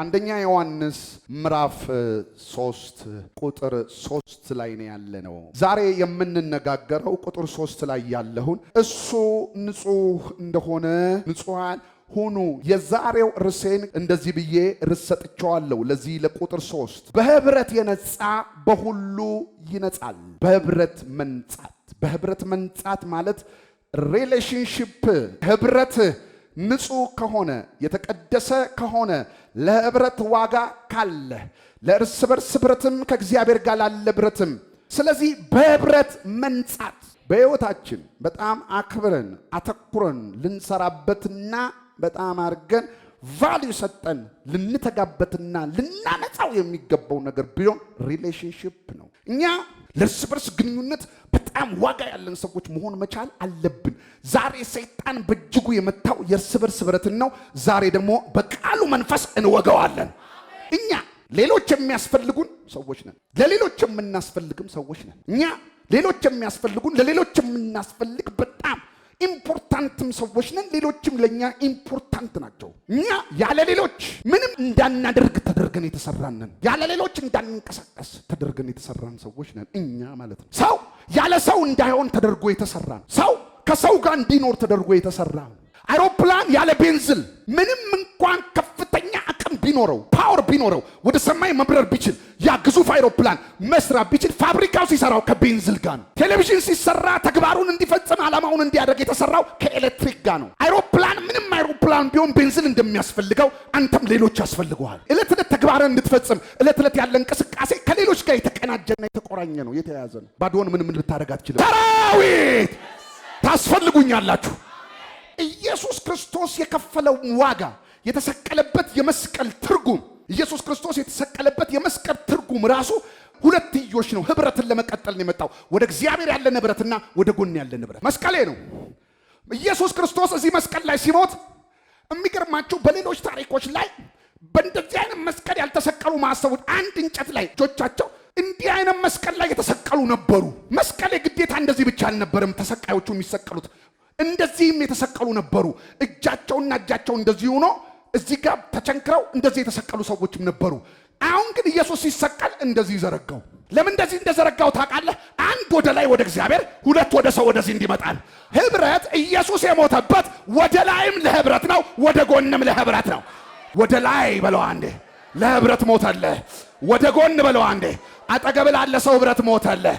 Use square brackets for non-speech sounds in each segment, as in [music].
አንደኛ ዮሐንስ ምዕራፍ ሶስት ቁጥር ሶስት ላይ ነው ያለ ነው። ዛሬ የምንነጋገረው ቁጥር ሶስት ላይ ያለውን እሱ ንጹህ እንደሆነ ንጹሐን ሁኑ። የዛሬው ርሴን እንደዚህ ብዬ ርስ ሰጥቼዋለሁ። ለዚህ ለቁጥር ሶስት በህብረት የነጻ በሁሉ ይነጻል። በህብረት መንጻት፣ በህብረት መንጻት ማለት ሪሌሽንሽፕ ህብረት ንጹህ ከሆነ የተቀደሰ ከሆነ ለህብረት ዋጋ ካለ ለእርስ በርስ ህብረትም ከእግዚአብሔር ጋር ላለ ህብረትም። ስለዚህ በህብረት መንጻት በህይወታችን በጣም አክብረን አተኩረን ልንሰራበትና በጣም አድርገን ቫሊዩ ሰጠን ልንተጋበትና ልናነጻው የሚገባው ነገር ቢሆን ሪሌሽንሽፕ ነው እኛ ለእርስ በርስ ግንኙነት በጣም ዋጋ ያለን ሰዎች መሆን መቻል አለብን። ዛሬ ሰይጣን በእጅጉ የመታው የእርስ በርስ ብረትን ነው። ዛሬ ደግሞ በቃሉ መንፈስ እንወገዋለን። እኛ ሌሎች የሚያስፈልጉን ሰዎች ነን። ለሌሎች የምናስፈልግም ሰዎች ነን። እኛ ሌሎች የሚያስፈልጉን ለሌሎች የምናስፈልግ በጣም ኢምፖርታንትም ሰዎች ነን። ሌሎችም ለእኛ ኢምፖርታንት ናቸው። እኛ ያለ ሌሎች ምንም እንዳናደርግ ተደርገን የተሰራንን፣ ያለ ሌሎች እንዳንንቀሳቀስ ተደርገን የተሰራን ሰዎች ነን እኛ ማለት ነው። ሰው ያለ ሰው እንዳይሆን ተደርጎ የተሰራ ነው። ሰው ከሰው ጋር እንዲኖር ተደርጎ የተሰራ ነው። አውሮፕላን ያለ ቤንዝል ምንም እንኳን ከፍ ቢኖረው ፓወር ቢኖረው ወደ ሰማይ መብረር ቢችል ያ ግዙፍ አይሮፕላን መስራት ቢችል ፋብሪካው ሲሰራው ከቤንዝል ጋ ነው። ቴሌቪዥን ሲሰራ ተግባሩን እንዲፈጽም ዓላማውን እንዲያደርግ የተሰራው ከኤሌክትሪክ ጋር ነው። አይሮፕላን ምንም አይሮፕላን ቢሆን ቤንዝል እንደሚያስፈልገው አንተም ሌሎች ያስፈልገዋል። እለት እለት ተግባርን እንድትፈጽም እለት እለት ያለ እንቅስቃሴ ከሌሎች ጋር የተቀናጀና የተቆራኘ ነው፣ የተያያዘ ነው። ባዶን ምንም ልታደርግ አትችልም። ሰራዊት ታስፈልጉኛላችሁ። ኢየሱስ ክርስቶስ የከፈለውን ዋጋ የተሰቀለበት የመስቀል ትርጉም ኢየሱስ ክርስቶስ የተሰቀለበት የመስቀል ትርጉም ራሱ ሁለትዮሽ ነው። ህብረትን ለመቀጠል ነው የመጣው። ወደ እግዚአብሔር ያለ ንብረትና ወደ ጎን ያለ ንብረት መስቀሌ ነው። ኢየሱስ ክርስቶስ እዚህ መስቀል ላይ ሲሞት የሚገርማችሁ በሌሎች ታሪኮች ላይ በእንደዚህ አይነት መስቀል ያልተሰቀሉ ማሰቡት አንድ እንጨት ላይ እጆቻቸው እንዲህ አይነት መስቀል ላይ የተሰቀሉ ነበሩ። መስቀሌ ግዴታ እንደዚህ ብቻ አልነበረም ተሰቃዮቹ የሚሰቀሉት እንደዚህም የተሰቀሉ ነበሩ። እጃቸውና እጃቸው እንደዚህ ሆኖ እዚህ ጋር ተቸንክረው እንደዚህ የተሰቀሉ ሰዎችም ነበሩ። አሁን ግን ኢየሱስ ሲሰቀል እንደዚህ ዘረጋው። ለምን እንደዚህ እንደዘረጋው ታውቃለህ? አንድ ወደ ላይ ወደ እግዚአብሔር፣ ሁለት ወደ ሰው ወደዚህ እንዲመጣል። ህብረት ኢየሱስ የሞተበት ወደ ላይም ለህብረት ነው፣ ወደ ጎንም ለህብረት ነው። ወደ ላይ በለው አንዴ፣ ለህብረት ሞተልህ። ወደ ጎን በለው አንዴ፣ አጠገብ ላለ ሰው ህብረት ሞተልህ።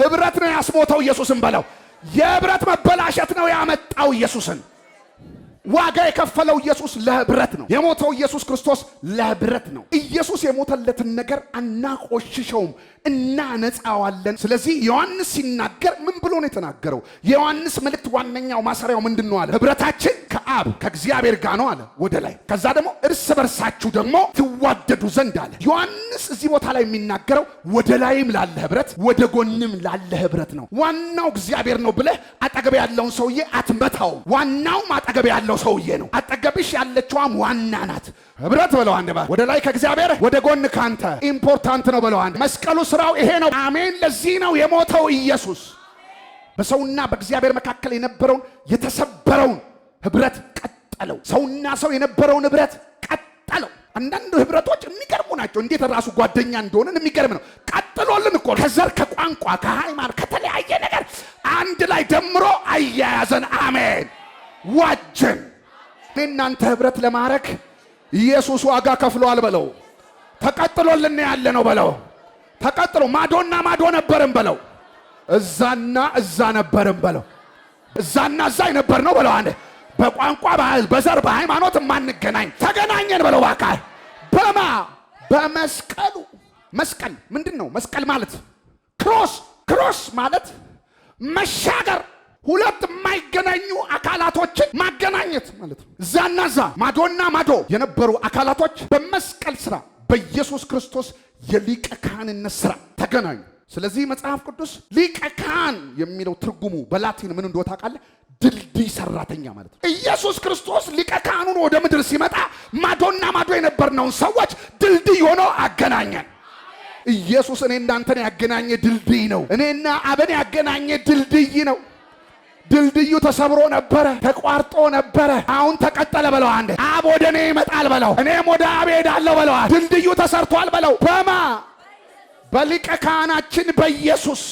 ህብረት ነው ያስሞተው ኢየሱስን በለው። የህብረት መበላሸት ነው ያመጣው ኢየሱስን ዋጋ የከፈለው ኢየሱስ ለህብረት ነው። የሞተው ኢየሱስ ክርስቶስ ለህብረት ነው። ኢየሱስ የሞተለትን ነገር አናቆሽሸውም፣ እናነጻዋለን። ስለዚህ ዮሐንስ ሲናገር ምን ብሎ ነው የተናገረው? የዮሐንስ መልእክት ዋነኛው ማሰሪያው ምንድን ነው አለ? ህብረታችን ከአብ ከእግዚአብሔር ጋር ነው አለ ወደ ላይ። ከዛ ደግሞ እርስ በርሳችሁ ደግሞ ትዋደዱ ዘንድ አለ። ዮሐንስ እዚህ ቦታ ላይ የሚናገረው ወደ ላይም ላለ ህብረት፣ ወደ ጎንም ላለ ህብረት ነው። ዋናው እግዚአብሔር ነው ብለህ አጠገብ ያለውን ሰውዬ አትመታው። ዋናውም አጠገብ ያለው ያለው ሰውዬ ነው። አጠገብሽ ያለችዋም ዋና ናት። ህብረት በለው አንድ ባ ወደ ላይ ከእግዚአብሔር ወደ ጎን ካንተ ኢምፖርታንት ነው በለው አንድ መስቀሉ ስራው ይሄ ነው። አሜን። ለዚህ ነው የሞተው ኢየሱስ በሰውና በእግዚአብሔር መካከል የነበረውን የተሰበረውን ህብረት ቀጠለው። ሰውና ሰው የነበረውን ህብረት ቀጠለው። አንዳንድ ህብረቶች የሚገርሙ ናቸው። እንዴት ራሱ ጓደኛ እንደሆነን የሚገርም ነው። ቀጥሎልን እኮ ከዘር ከቋንቋ፣ ከሃይማኖት ከተለያየ ነገር አንድ ላይ ደምሮ አያያዘን። አሜን ዋጀን። እናንተ ህብረት ለማድረግ ኢየሱስ ዋጋ ከፍሏል በለው። ተቀጥሎልን ያለ ነው በለው። ተቀጥሎ ማዶና ማዶ ነበርም በለው። እዛና እዛ ነበርም በለው። እዛና እዛ የነበር ነው በለው። አንድ በቋንቋ በዘር በሃይማኖት ማንገናኝ ተገናኘን በለው። ባካ በማ በመስቀሉ መስቀል ምንድን ነው? መስቀል ማለት ክሮስ፣ ክሮስ ማለት መሻገር ሁለት የማይገናኙ አካላቶችን ማገናኘት ማለት ነው። እዛና እዛ ማዶና ማዶ የነበሩ አካላቶች በመስቀል ስራ በኢየሱስ ክርስቶስ የሊቀ ካህንነት ስራ ተገናኙ። ስለዚህ መጽሐፍ ቅዱስ ሊቀ ካህን የሚለው ትርጉሙ በላቲን ምን እንደሆነ ታውቃለህ? ድልድይ ሰራተኛ ማለት ነው። ኢየሱስ ክርስቶስ ሊቀ ካህኑን ወደ ምድር ሲመጣ ማዶና ማዶ የነበርነውን ሰዎች ድልድይ ሆኖ አገናኘን። ኢየሱስ እኔ እናንተን ያገናኘ ድልድይ ነው። እኔና አብን ያገናኘ ድልድይ ነው። ድልድዩ ተሰብሮ ነበረ፣ ተቋርጦ ነበረ። አሁን ተቀጠለ በለው። አንድ አብ ወደ እኔ ይመጣል በለው። እኔም ወደ አብ ሄዳለሁ በለዋል። ድልድዩ ተሰርቷል በለው። በማ በሊቀ ካህናችን በኢየሱስ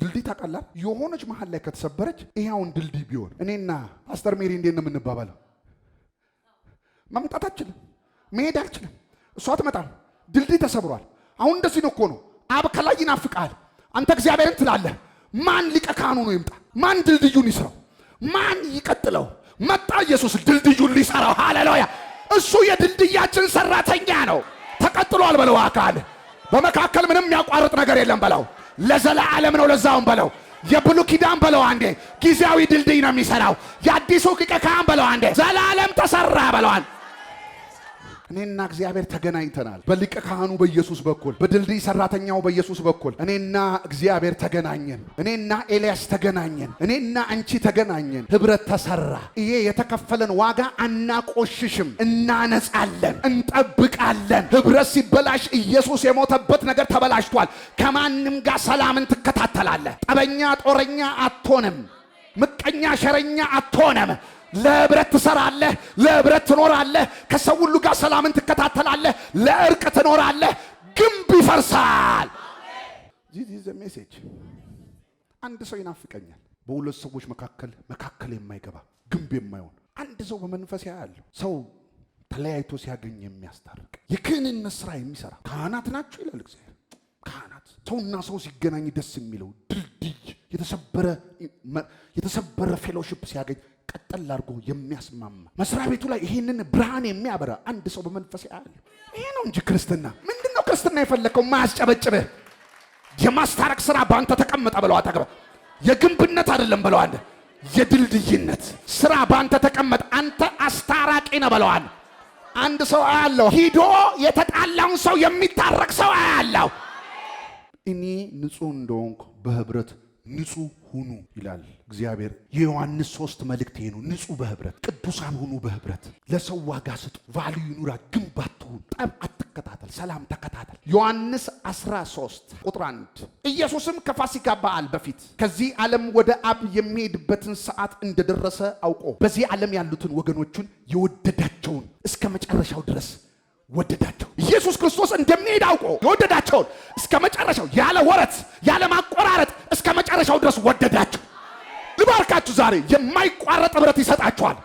ድልድይ ታውቃለህ፣ የሆነች መሀል ላይ ከተሰበረች ይሄውን ድልድይ ቢሆን እኔና ፓስተር ሜሪ እንዴት ነው የምንባባለው? መምጣት አችልም፣ መሄድ አልችልም፣ እሷ ትመጣል? ድልድይ ተሰብሯል። አሁን እንደዚህ ነው እኮ ነው። አብ ከላይ ይናፍቃል፣ አንተ እግዚአብሔርን ትላለህ። ማን ሊቀ ካህኑ ነው ይምጣ ማን ድልድዩን ይስራው? ማን ይቀጥለው? መጣ ኢየሱስ ድልድዩን ሊሰራው። ሃሌሉያ! እሱ የድልድያችን ሰራተኛ ነው። ተቀጥሏል በለው አካል በመካከል ምንም የሚያቋርጥ ነገር የለም በለው። ለዘላለም ነው ለዛውም በለው። የብሉ ኪዳን በለው አንዴ ጊዜያዊ ድልድይ ነው የሚሰራው። የአዲሱ ቂቀ በለው አንዴ ዘላለም ተሰራ በለዋል። እኔና እግዚአብሔር ተገናኝተናል። በሊቀ ካህኑ በኢየሱስ በኩል በድልድይ ሰራተኛው በኢየሱስ በኩል እኔና እግዚአብሔር ተገናኘን። እኔና ኤልያስ ተገናኘን። እኔና አንቺ ተገናኘን። ህብረት ተሰራ። ይሄ የተከፈለን ዋጋ አናቆሽሽም፣ እናነጻለን፣ እንጠብቃለን። ህብረት ሲበላሽ ኢየሱስ የሞተበት ነገር ተበላሽቷል። ከማንም ጋር ሰላምን ትከታተላለህ። ጠበኛ ጦረኛ አትሆንም። ምቀኛ ሸረኛ አትሆንም። ለህብረት ትሰራለህ፣ ለህብረት ትኖራለህ፣ ከሰው ሁሉ ጋር ሰላምን ትከታተላለህ፣ ለእርቅ ትኖራለህ። ግንብ ይፈርሳል። ሜሴጅ አንድ ሰው ይናፍቀኛል። በሁለት ሰዎች መካከል መካከል የማይገባ ግንብ የማይሆን አንድ ሰው በመንፈስ ያያል። ሰው ተለያይቶ ሲያገኝ የሚያስታርቅ የክህንነት ስራ የሚሰራ ካህናት ናቸው ይላል እግዚአብሔር። ካህናት ሰውና ሰው ሲገናኝ ደስ የሚለው ድልድይ የተሰበረ ፌሎሺፕ ሲያገኝ ቀጠል አድርጎ የሚያስማማ መስሪያ ቤቱ ላይ ይህንን ብርሃን የሚያበራ አንድ ሰው በመንፈስ ያለ ይሄ ነው እንጂ ክርስትና ምንድን ነው? ክርስትና የፈለከው ማያስጨበጭብህ የማስታረቅ ስራ በአንተ ተቀመጠ ብለው አጠገብ የግንብነት አይደለም ብለዋል። የድልድይነት ስራ በአንተ ተቀመጠ። አንተ አስታራቂ ነው ብለዋል። አንድ ሰው አያለው ሂዶ የተጣላውን ሰው የሚታረቅ ሰው አያለው። እኔ ንጹህ እንደሆንኩ በህብረት ንጹህ ሁኑ ይላል እግዚአብሔር። የዮሐንስ ሶስት መልእክት ይሄ ነው። ንጹህ በህብረት ቅዱሳን ሁኑ በህብረት ለሰው ዋጋ ስጡ። ቫሉ ይኑራ። ግንብ አትሁን። ጠብ አትከታተል፣ ሰላም ተከታተል። ዮሐንስ 13 ቁጥር 1 ኢየሱስም ከፋሲካ በዓል በፊት ከዚህ ዓለም ወደ አብ የሚሄድበትን ሰዓት እንደደረሰ አውቆ በዚህ ዓለም ያሉትን ወገኖቹን የወደዳቸውን እስከ መጨረሻው ድረስ ወደዳቸው። ኢየሱስ ክርስቶስ እንደሚሄድ አውቆ የወደዳቸውን እስከ መጨረሻው ያለ ወረት ያለ ማቆራረጥ እስከ መጨረሻው ድረስ ወደዳቸው። ልባርካችሁ። ዛሬ የማይቋረጥ ህብረት ይሰጣችኋል።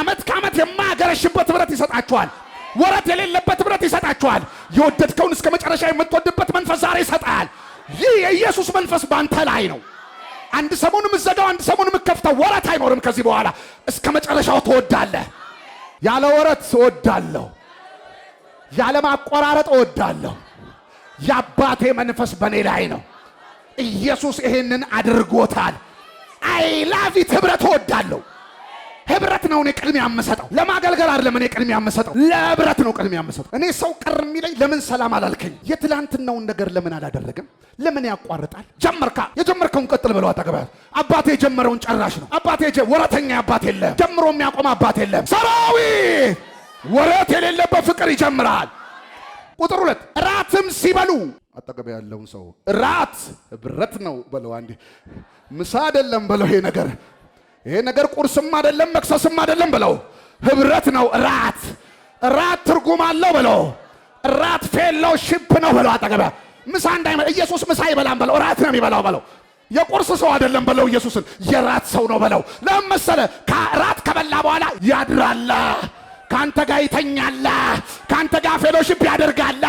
አመት ከአመት የማያገረሽበት ህብረት ይሰጣችኋል። ወረት የሌለበት ህብረት ይሰጣችኋል። የወደድከውን እስከ መጨረሻ የምትወድበት መንፈስ ዛሬ ይሰጣል። ይህ የኢየሱስ መንፈስ ባንተ ላይ ነው። አንድ ሰሞን ምዘጋው፣ አንድ ሰሞን ምከፍተው ወረት አይኖርም። ከዚህ በኋላ እስከ መጨረሻው ትወዳለህ። ያለ ወረት እወዳለሁ ያለማቆራረጥ እወዳለሁ። የአባቴ መንፈስ በእኔ ላይ ነው። ኢየሱስ ይሄንን አድርጎታል። አይ ላቪት ህብረት እወዳለሁ። ህብረት ነው እኔ ቅድሚያ የምሰጠው። ለማገልገል አይደለም እኔ ቅድሚያ የምሰጠው፣ ለህብረት ነው ቅድሚያ የምሰጠው። እኔ ሰው ቅር የሚለኝ ለምን ሰላም አላልከኝ፣ የትላንትናውን ነገር ለምን አላደረግም፣ ለምን ያቋርጣል? ጀመርካ፣ የጀመርከውን ቀጥል ብለው አጠገባ አባቴ የጀመረውን ጨራሽ ነው። አባቴ ወረተኛ አባት የለም፣ ጀምሮ የሚያቆም አባት የለም። ሰራዊት ወረት የሌለበት ፍቅር ይጀምራል። ቁጥር ሁለት እራትም ሲበሉ አጠገብ ያለውን ሰው እራት ብረት ነው በለው። አንዴ ምሳ አይደለም በለው። ይሄ ነገር ይሄ ነገር ቁርስም አይደለም መክሰስም አይደለም በለው። ህብረት ነው እራት። እራት ትርጉም አለው በለው። እራት ፌሎሺፕ ነው በለው። አጠገብ ምሳ እንዳይመ ኢየሱስ ምሳ ይበላም በለው። እራት ነው የሚበላው በለው። የቁርስ ሰው አይደለም በለው። ኢየሱስን የራት ሰው ነው በለው። ለምን መሰለ? ከእራት ከበላ በኋላ ያድራላ ከአንተ ጋር ይተኛላ፣ ከአንተ ጋር ፌሎሺፕ ያደርጋላ።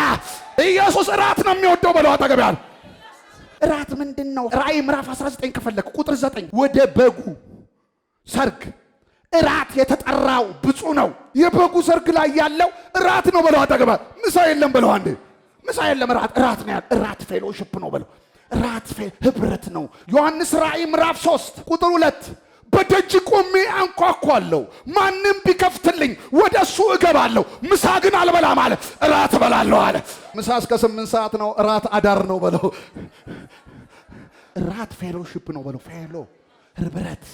ኢየሱስ እራት ነው የሚወደው በለው አጠገብ ያለ እራት ምንድን ነው? ራእይ ምዕራፍ 19 ከፈለክ ቁጥር 9 ወደ በጉ ሰርግ እራት የተጠራው ብፁ ነው። የበጉ ሰርግ ላይ ያለው እራት ነው በለው አጠገብ ምሳ የለም በለው አንዴ ምሳ የለም እራት እራት ነው ያለ። እራት ፌሎሺፕ ነው በለው እራት ህብረት ነው። ዮሐንስ ራእይ ምዕራፍ 3 ቁጥር 2 በደጅ ቆሜ አንኳኳለሁ፣ ማንም ቢከፍትልኝ ወደ እሱ እገባለሁ። ምሳ ግን አልበላም አለ፣ እራት እበላለሁ አለ። ምሳ እስከ ስምንት ሰዓት ነው፣ እራት አዳር ነው በለው። እራት ፌሎሺፕ ነው በለው። ፌሎ ህብረት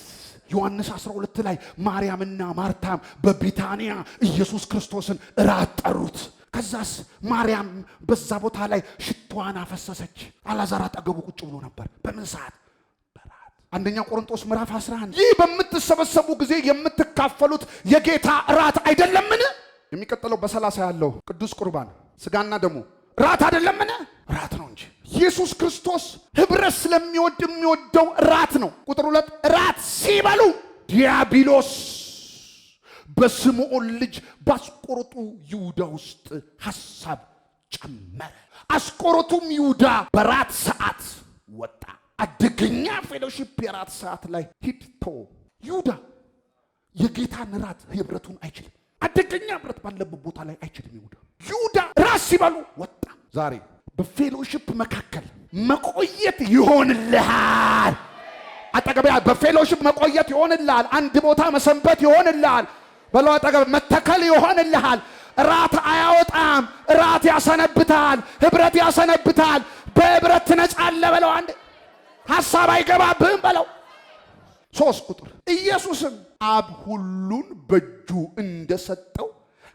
ዮሐንስ 12 ላይ ማርያምና ማርታም በቢታንያ ኢየሱስ ክርስቶስን እራት ጠሩት። ከዛስ ማርያም በዛ ቦታ ላይ ሽቷን አፈሰሰች። አላዛር አጠገቡ ቁጭ ብሎ ነበር። በምን ሰዓት አንደኛ ቆሮንቶስ ምዕራፍ 11 ይህ በምትሰበሰቡ ጊዜ የምትካፈሉት የጌታ ራት አይደለምን? የሚቀጥለው በሰላሳ ያለው ቅዱስ ቁርባን ስጋና ደሙ ራት አይደለምን? ራት ነው እንጂ ኢየሱስ ክርስቶስ ህብረት ስለሚወድ የሚወደው ራት ነው። ቁጥር ሁለት ራት ሲበሉ ዲያብሎስ በስምዖን ልጅ በአስቆሮጡ ይሁዳ ውስጥ ሐሳብ ጨመረ። አስቆሮቱም ይሁዳ በራት ሰዓት ወጣ። አደገኛ ፌሎሺፕ የራት ሰዓት ላይ ሂድ ተወው። ይሁዳ የጌታን ራት ህብረቱን አይችልም። አደገኛ ህብረት ባለበት ቦታ ላይ አይችልም። ይሁዳ ይሁዳ ራስ ሲበሉ ወጣ። ዛሬ በፌሎሺፕ መካከል መቆየት ይሆንልሃል። አጠገቢያ በፌሎሺፕ መቆየት ይሆንልሃል። አንድ ቦታ መሰንበት ይሆንልሃል። በለው አጠገብ መተከል ይሆንልሃል። ራት አያወጣም። ራት ያሰነብታል። ህብረት ያሰነብታል። በህብረት ትነጻለህ። በለው አንድ ሐሳብ አይገባብህም በለው። ሶስት ቁጥር ኢየሱስም አብ ሁሉን በእጁ እንደሰጠው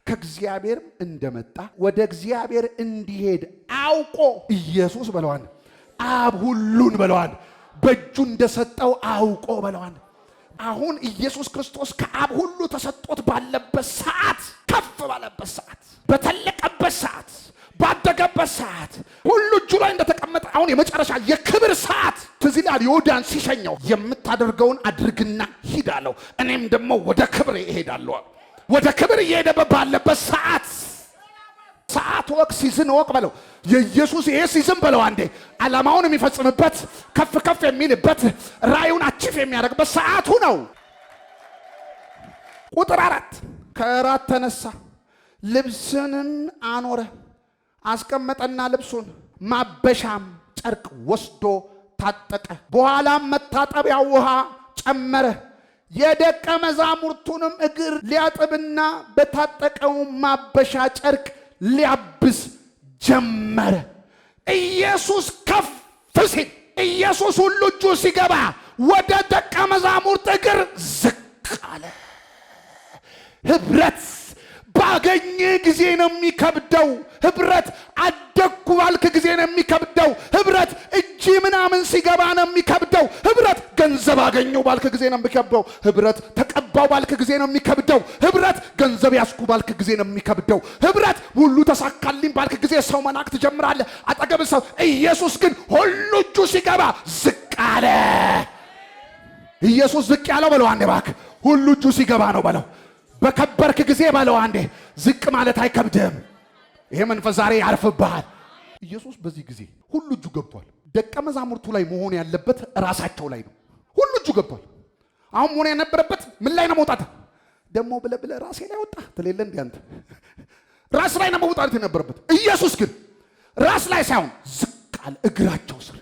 ከእግዚአብሔርም እንደመጣ ወደ እግዚአብሔር እንዲሄድ አውቆ ኢየሱስ በለዋን አብ ሁሉን በለዋን በእጁ እንደሰጠው አውቆ በለዋን። አሁን ኢየሱስ ክርስቶስ ከአብ ሁሉ ተሰጦት ባለበት ሰዓት፣ ከፍ ባለበት ሰዓት፣ በተለቀበት ሰዓት ባደገበት ሰዓት ሁሉ እጁ ላይ እንደተቀመጠ አሁን የመጨረሻ የክብር ሰዓት ትዝ ይልሃል። ይሁዳን ሲሸኘው የምታደርገውን አድርግና ሂድ እኔም ደግሞ ወደ ክብር እሄዳለሁ። ወደ ክብር እየሄደ ባለበት ሰዓት ሰዓት ወቅ ሲዝን ወቅ በለው የኢየሱስ ይሄ ሲዝን በለው አንዴ ዓላማውን የሚፈጽምበት ከፍ ከፍ የሚልበት ራዩን አቺፍ የሚያደርግበት ሰዓቱ ነው። ቁጥር አራት ከእራት ተነሳ ልብስንም አኖረ አስቀመጠና ልብሱን ማበሻም ጨርቅ ወስዶ ታጠቀ። በኋላም መታጠቢያ ውሃ ጨመረ። የደቀ መዛሙርቱንም እግር ሊያጥብና በታጠቀው ማበሻ ጨርቅ ሊያብስ ጀመረ። ኢየሱስ ከፍ ሲል፣ ኢየሱስ ሁሉ እጁ ሲገባ ወደ ደቀ መዛሙርት እግር ዝቅ አለ። ህብረት ባገኘ ጊዜ ነው የሚከብደው። ህብረት አደግኩ ባልክ ጊዜ ነው የሚከብደው። ህብረት እጅ ምናምን ሲገባ ነው የሚከብደው። ህብረት ገንዘብ አገኘው ባልክ ጊዜ ነው የሚከብደው። ህብረት ተቀባው ባልክ ጊዜ ነው የሚከብደው። ህብረት ገንዘብ ያስኩ ባልክ ጊዜ ነው የሚከብደው። ህብረት ሁሉ ተሳካልኝ ባልክ ጊዜ ሰው መናቅ ትጀምራለህ፣ አጠገብ ሰው። ኢየሱስ ግን ሁሉ እጁ ሲገባ ዝቅ አለ። ኢየሱስ ዝቅ ያለው በለው አንዴ እባክህ። ሁሉ እጁ ሲገባ ነው በለው በከበርክ ጊዜ በለው አንዴ ዝቅ ማለት አይከብድም። ይሄ መንፈስ ዛሬ ያርፍብሃል። ኢየሱስ በዚህ ጊዜ ሁሉ እጁ ገብቷል። ደቀ መዛሙርቱ ላይ መሆን ያለበት ራሳቸው ላይ ነው። ሁሉ እጁ ገብቷል። አሁን መሆን ያነበረበት ምን ላይ ነው? መውጣት ደግሞ ብለ ብለ ራሴ ላይ ወጣ ትሌለ እንዲ አንተ ራስ ላይ ነው መውጣት የነበረበት። ኢየሱስ ግን ራስ ላይ ሳይሆን ዝቅ አለ። እግራቸው ስር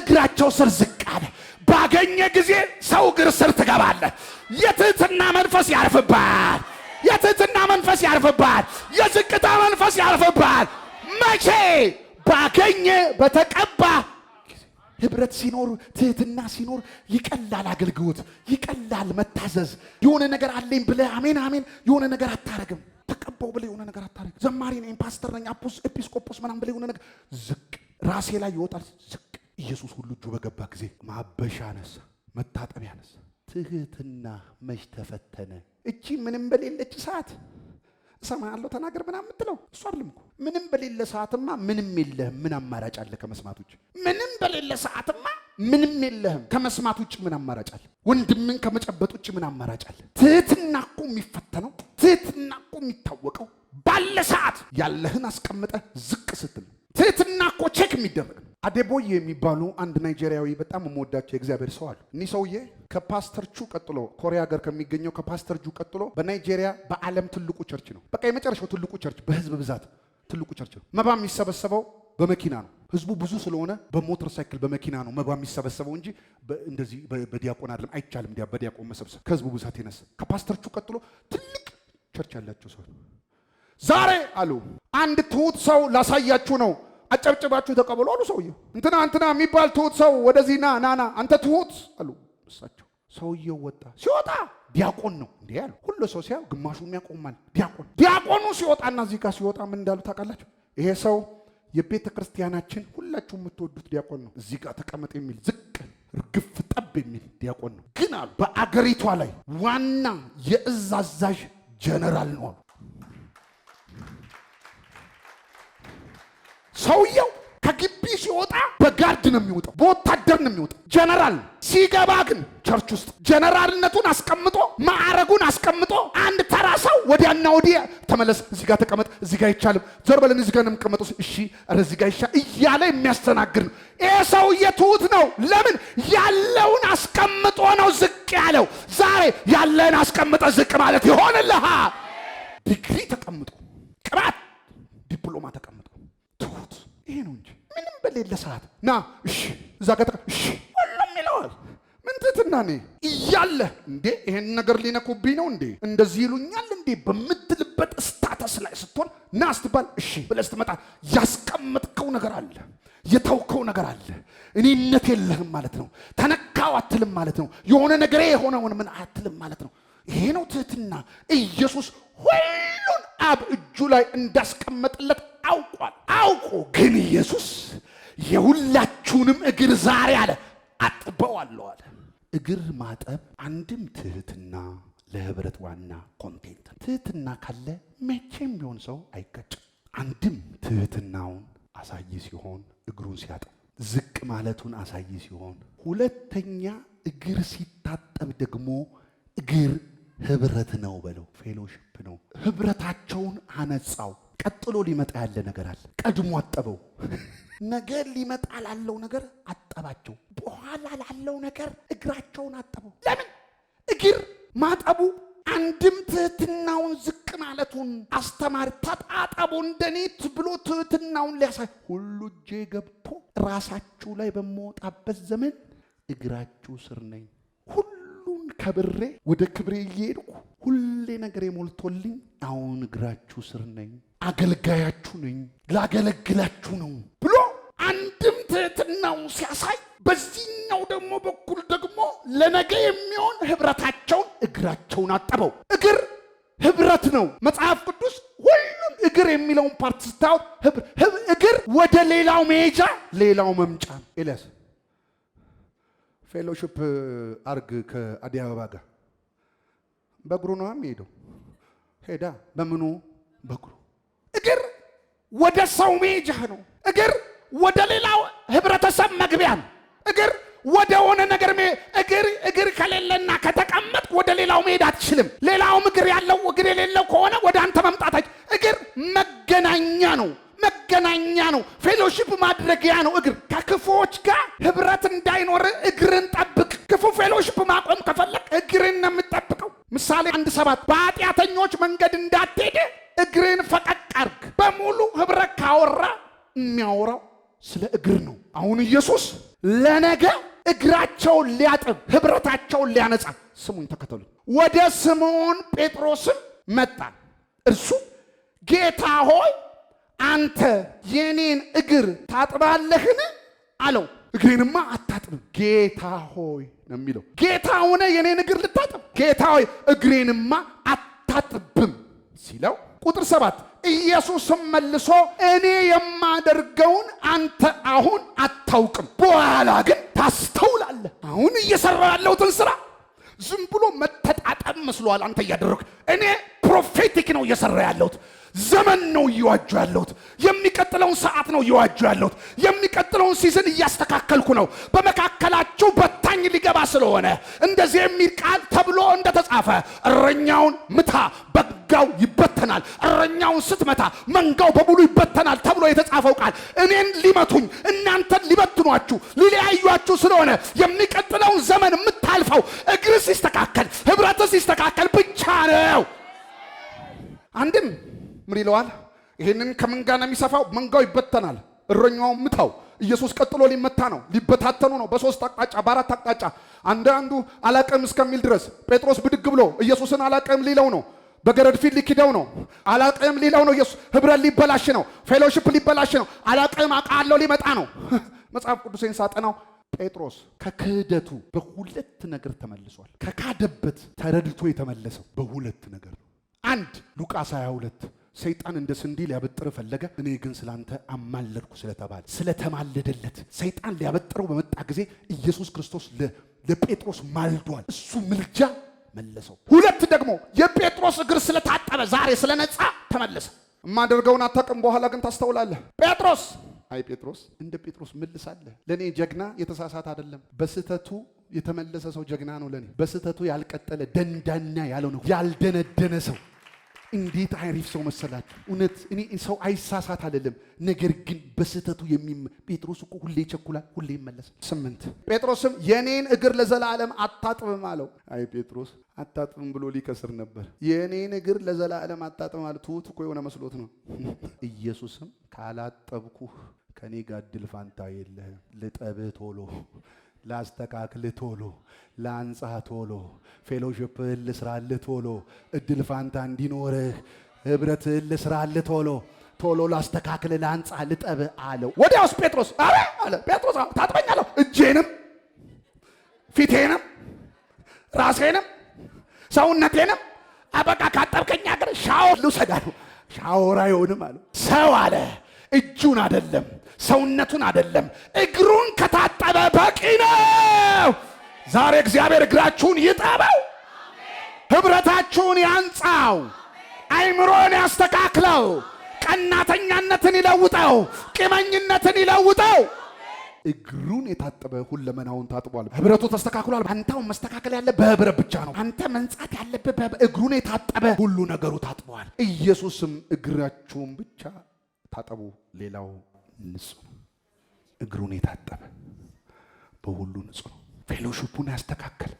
እግራቸው ስር ዝቅ አለ። ባገኘ ጊዜ ሰው እግር ስር ትገባለህ። የትህትና መንፈስ ያርፍባት የትህትና መንፈስ ያርፍባት የዝቅታ መንፈስ ያርፍባት መቼ ባገኘ በተቀባ ህብረት ሲኖር ትህትና ሲኖር ይቀላል፣ አገልግሎት ይቀላል፣ መታዘዝ። የሆነ ነገር አለኝ ብለህ አሜን አሜን የሆነ ነገር አታረግም። ተቀባው ብለህ የሆነ ነገር አታረግም። ዘማሪ ነኝ፣ ፓስተር ነኝ፣ አፖስ ኤጲስቆጶስ ምናምን ብለህ የሆነ ነገር ዝቅ ራሴ ላይ ይወጣል። ዝቅ ኢየሱስ ሁሉ እጁ በገባ ጊዜ ማበሻ አነሳ፣ መታጠቢያ አነሳ። ትህትና መች ተፈተነ? እቺ ምንም በሌለች ሰዓት እሰማሃለሁ ተናገር ምናምን የምትለው እሱ አይደለም እኮ። ምንም በሌለ ሰዓትማ ምንም የለህም። ምን አማራጭ አለ ከመስማት ውጭ? ምንም በሌለ ሰዓትማ ምንም የለህም። ከመስማት ውጭ ምን አማራጭ አለ? ወንድምን ከመጨበጥ ውጭ ምን አማራጭ አለ? ትህትና እኮ የሚፈተነው ትህትና እኮ የሚታወቀው ባለ ሰዓት ያለህን አስቀምጠህ ዝቅ ስትል፣ ትህትና እኮ ቼክ የሚደረግ ነው። አዴቦይ የሚባሉ አንድ ናይጄሪያዊ በጣም የምወዳቸው የእግዚአብሔር ሰው አሉ። እኒህ ሰውዬ ከፓስተር ቹ ቀጥሎ ኮሪያ ሀገር ከሚገኘው ከፓስተር ቹ ቀጥሎ በናይጄሪያ በዓለም ትልቁ ቸርች ነው። በቃ የመጨረሻው ትልቁ ቸርች፣ በህዝብ ብዛት ትልቁ ቸርች ነው። መባ የሚሰበሰበው በመኪና ነው። ህዝቡ ብዙ ስለሆነ በሞተር ሳይክል በመኪና ነው መባ የሚሰበሰበው እንጂ እንደዚህ በዲያቆን አይደለም። አይቻልም በዲያቆን መሰብሰብ ከህዝቡ ብዛት የነሳ ከፓስተር ቹ ቀጥሎ ትልቅ ቸርች ያላቸው ሰው ዛሬ አሉ አንድ ትሁት ሰው ላሳያችሁ ነው አጨብጭባችሁ ተቀበሉ አሉ። ሰውየው እንትና እንትና የሚባል ትሁት ሰው ወደዚህ ና ናና አንተ ትሁት አሉ እሳቸው። ሰውየው ወጣ። ሲወጣ ዲያቆን ነው እንዴ አሉ። ሁሉ ሰው ሲያ ግማሹ የሚያቆማል ዲያቆን ዲያቆኑ ሲወጣ እና እዚህ ጋር ሲወጣ ምን እንዳሉ ታውቃላችሁ? ይሄ ሰው የቤተ ክርስቲያናችን ሁላችሁ የምትወዱት ዲያቆን ነው። እዚህ ጋር ተቀመጥ የሚል ዝቅ እርግፍ ጠብ የሚል ዲያቆን ነው። ግን አሉ በአገሪቷ ላይ ዋና የእዝ አዛዥ ጀነራል ነው አሉ ሰውየው ከግቢ ሲወጣ በጋርድ ነው የሚወጣው፣ በወታደር ነው የሚወጣው። ጀነራል ሲገባ ግን ቸርች ውስጥ ጀነራልነቱን አስቀምጦ ማዕረጉን አስቀምጦ አንድ ተራ ሰው ወዲያና ወዲያ ተመለስ፣ እዚህ ጋር ተቀመጥ፣ እዚህ ጋር አይቻልም፣ ዞር በለን፣ እዚህ ጋር ነው የምቀመጠው፣ እሺ፣ ኧረ እዚህ ጋር ይሻ እያለ የሚያስተናግድ ነው። ይህ ሰውዬ ትሁት ነው። ለምን ያለውን አስቀምጦ ነው ዝቅ ያለው። ዛሬ ያለን አስቀምጠ ዝቅ ማለት ይሆንልሃ። ዲግሪ ተቀምጦ ቅባት ዲፕሎማ ተቀምጦ ይሄ ነው እንጂ ምንም በሌለ ሰዓት ና እሺ፣ እዛ ጋር እሺ፣ ሁሉም ይለዋል። ምን ትትና ኔ እያለ እንዴ ይሄን ነገር ሊነኩብኝ ነው እንዴ እንደዚህ ይሉኛል እንዴ በምትልበት ስታተስ ላይ ስትሆን ና ስትባል እሺ ብለህ ስትመጣ ያስቀመጥከው ነገር አለ፣ የተውከው ነገር አለ። እኔነት የለህም ማለት ነው። ተነካው አትልም ማለት ነው። የሆነ ነገሬ የሆነውን ምን አትልም ማለት ነው። ይሄ ነው ትህትና። ኢየሱስ ሁሉን አብ እጁ ላይ እንዳስቀመጥለት አውቋል። አያውቁ ግን ኢየሱስ የሁላችሁንም እግር ዛሬ አለ አጥበዋለሁ አለ። እግር ማጠብ አንድም ትህትና ለህብረት ዋና ኮንቴንት። ትህትና ካለ መቼም ቢሆን ሰው አይጋጭም። አንድም ትህትናውን አሳይ ሲሆን እግሩን ሲያጠብ ዝቅ ማለቱን አሳይ ሲሆን፣ ሁለተኛ እግር ሲታጠብ ደግሞ እግር ህብረት ነው በለው ፌሎሽፕ ነው። ህብረታቸውን አነጻው። ቀጥሎ ሊመጣ ያለ ነገር አለ። ቀድሞ አጠበው። [laughs] ነገ ሊመጣ ላለው ነገር አጠባቸው። በኋላ ላለው ነገር እግራቸውን አጠበው። ለምን እግር ማጠቡ አንድም ትህትናውን ዝቅ ማለቱን አስተማሪ ተጣጣቦ እንደኔት ብሎ ትህትናውን ሊያሳይ ሁሉ እጄ ገብቶ ራሳችሁ ላይ በመወጣበት ዘመን እግራችሁ ስር ነኝ ሁሉ ሁሉን ከብሬ ወደ ክብሬ እየሄድኩ ሁሌ ነገር የሞልቶልኝ አሁን እግራችሁ ስር ነኝ፣ አገልጋያችሁ ነኝ፣ ላገለግላችሁ ነው ብሎ አንድም ትህትናው ሲያሳይ በዚህኛው ደግሞ በኩል ደግሞ ለነገ የሚሆን ህብረታቸውን እግራቸውን አጠበው። እግር ህብረት ነው። መጽሐፍ ቅዱስ ሁሉም እግር የሚለውን ፓርት ስታወቅ እግር ወደ ሌላው መሄጃ ሌላው መምጫ ነው። ኤልያስ ፌሎሺፕ አርግ ከአዲስ አበባ ጋር በእግሩ ነው የሚሄደው። ሄዳ በምኑ በእግሩ እግር ወደ ሰው መሄጃ ነው። እግር ወደ ሌላው ህብረተሰብ መግቢያ ነው። እግር ወደ ሆነ ነገር እግር እግር ከሌለና ከተቀመጥ ወደ ሌላው መሄድ አትችልም። ሌላውም እግር ያለው እግር የሌለው ከሆነ ወደ አንተ መምጣታች እግር መገናኛ ነው። መገናኛ ነው፣ ፌሎሺፕ ማድረጊያ ነው። እግር ከክፉዎች ጋር ህብረት እንዳይኖር እግርን ጠብቅ። ክፉ ፌሎሺፕ ማቆም ከፈለግ እግርን ነው የምጠብቀው። ምሳሌ አንድ ሰባት በኃጢአተኞች መንገድ እንዳትሄድ እግርን ፈቀቅ አርግ። በሙሉ ህብረት ካወራ የሚያወራው ስለ እግር ነው። አሁን ኢየሱስ ለነገ እግራቸውን ሊያጥብ ህብረታቸውን ሊያነጻ ስሙን ተከተሉ። ወደ ስምዖን ጴጥሮስም መጣ። እርሱ ጌታ ሆይ አንተ የኔን እግር ታጥባለህን አለው። እግሬንማ አታጥብም ጌታ ሆይ ነው የሚለው። ጌታ ሆነ የኔን እግር ልታጥብ? ጌታ ሆይ እግሬንማ አታጥብም ሲለው ቁጥር ሰባት ኢየሱስም መልሶ እኔ የማደርገውን አንተ አሁን አታውቅም፣ በኋላ ግን ታስተውላለህ። አሁን እየሰራ ያለሁትን ስራ ዝም ብሎ መተጣጠም መስሏል አንተ እያደረግ፣ እኔ ፕሮፌቲክ ነው እየሰራ ያለሁት ዘመን ነው እየዋጁ ያለሁት። የሚቀጥለውን ሰዓት ነው እየዋጁ ያለሁት። የሚቀጥለውን ሲዝን እያስተካከልኩ ነው። በመካከላችሁ በታኝ ሊገባ ስለሆነ እንደዚህ የሚል ቃል ተብሎ እንደተጻፈ እረኛውን ምታ በጋው ይበተናል፣ እረኛውን ስትመታ መንጋው በሙሉ ይበተናል ተብሎ የተጻፈው ቃል እኔን ሊመቱኝ እናንተን ሊበትኗችሁ ሊለያዩችሁ ስለሆነ የሚቀጥለውን ዘመን የምታልፈው እግር ሲስተካከል፣ ህብረት ሲስተካከል ብቻ ነው። አንድም ምን ይለዋል? ይህንን ከምን ጋር ነው የሚሰፋው? መንጋው ይበተናል፣ እረኛው ምታው። ኢየሱስ ቀጥሎ ሊመታ ነው። ሊበታተኑ ነው፣ በሶስት አቅጣጫ፣ በአራት አቅጣጫ። አንዳንዱ አላቀም እስከሚል ድረስ ጴጥሮስ ብድግ ብሎ ኢየሱስን አላቀም ሊለው ነው። በገረድ ፊት ሊክደው ነው። አላቀም ሊለው ነው። ኢየሱስ ህብረት ሊበላሽ ነው። ፌሎሺፕ ሊበላሽ ነው። አላቅም አቃለው ሊመጣ ነው። [laughs] መጽሐፍ ቅዱሴን ሳጠናው ጴጥሮስ ከክህደቱ በሁለት ነገር ተመልሷል። ከካደበት ተረድቶ የተመለሰው በሁለት ነገር ነው። አንድ ሉቃስ 22 ሰይጣን እንደ ስንዴ ሊያበጥር ፈለገ። እኔ ግን ስላንተ አማለድኩ ስለተባለ ስለተማለደለት ሰይጣን ሊያበጥረው በመጣ ጊዜ ኢየሱስ ክርስቶስ ለጴጥሮስ ማልዷል። እሱ ምልጃ መለሰው። ሁለት ደግሞ የጴጥሮስ እግር ስለታጠበ ዛሬ ስለነጻ ተመለሰ። እማደርገውን አታውቅም፣ በኋላ ግን ታስተውላለህ። ጴጥሮስ አይ ጴጥሮስ እንደ ጴጥሮስ መልሳለህ። ለእኔ ጀግና የተሳሳት አይደለም። በስህተቱ የተመለሰ ሰው ጀግና ነው። ለእኔ በስህተቱ ያልቀጠለ ደንዳና ያለው ነው ያልደነደነ ሰው እንዴት አሪፍ ሰው መሰላችሁ! እውነት እኔ ሰው አይሳሳት አይደለም፣ ነገር ግን በስህተቱ የሚም ጴጥሮስ እኮ ሁሌ ይቸኩላል፣ ሁሌ ይመለሳል። ስምንት ጴጥሮስም የኔን እግር ለዘላለም አታጥብም አለው። አይ ጴጥሮስ አታጥብም ብሎ ሊከስር ነበር። የእኔን እግር ለዘላለም አታጥብም አለ። ትሁት እኮ የሆነ መስሎት ነው። [laughs] ኢየሱስም ካላጠብኩህ ከእኔ ጋር ድል ፋንታ የለህም፣ ልጠብህ ቶሎ ላስተካክል ቶሎ፣ ላንጻ ቶሎ፣ ፌሎሽፕህን ልስራልህ ቶሎ፣ እድል ፋንታ እንዲኖርህ ህብረትህን ልስራልህ ቶሎ፣ ቶሎ ላስተካክል፣ ላንጻ፣ ልጠብ አለው። ወዲያውስ ጴጥሮስ አረ አለ። ጴጥሮስ ታጥበኛለሁ፣ እጄንም፣ ፊቴንም፣ ራሴንም፣ ሰውነቴንም አበቃ ካጠብከኝ ሀገር ሻወር ልውሰድ አለው። ሻወር አይሆንም አለ። ሰው አለ እጁን አይደለም ሰውነቱን አይደለም፣ እግሩን ከታጠበ በቂ ነው። ዛሬ እግዚአብሔር እግራችሁን ይጠበው፣ ህብረታችሁን ያንጻው፣ አይምሮን ያስተካክለው፣ ቀናተኛነትን ይለውጠው፣ ቂመኝነትን ይለውጠው። እግሩን የታጠበ ሁለመናውን ታጥቧል። ህብረቱ ተስተካክሏል። አንተው መስተካከል ያለ በህብረ ብቻ ነው። አንተ መንጻት ያለበት እግሩን የታጠበ ሁሉ ነገሩ ታጥቧል። ኢየሱስም እግራችሁን ብቻ ታጠቡ፣ ሌላው ንጹህ እግሩን የታጠበ በሁሉ ንጹህ ነው። ያስተካከለ ያስተካከል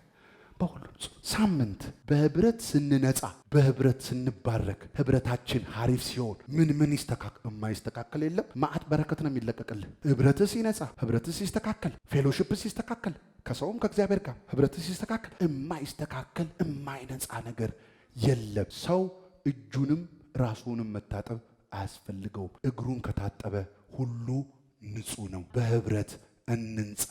በሁሉ ንጹህ። ሳምንት በህብረት ስንነጻ፣ በህብረት ስንባረክ፣ ህብረታችን ሀሪፍ ሲሆን ምን ምን ይስተካከል? የማይስተካከል የለም። ማዕት በረከት ነው የሚለቀቅልህ። ህብረት ሲነጻ፣ ህብረት ሲስተካከል፣ ፌሎሽፕ ሲስተካከል፣ ከሰውም ከእግዚአብሔር ጋር ህብረት ሲስተካከል፣ የማይስተካከል የማይነጻ ነገር የለም። ሰው እጁንም ራሱንም መታጠብ አያስፈልገውም። እግሩን ከታጠበ ሁሉ ንጹሕ ነው። በህብረት እንንጻ።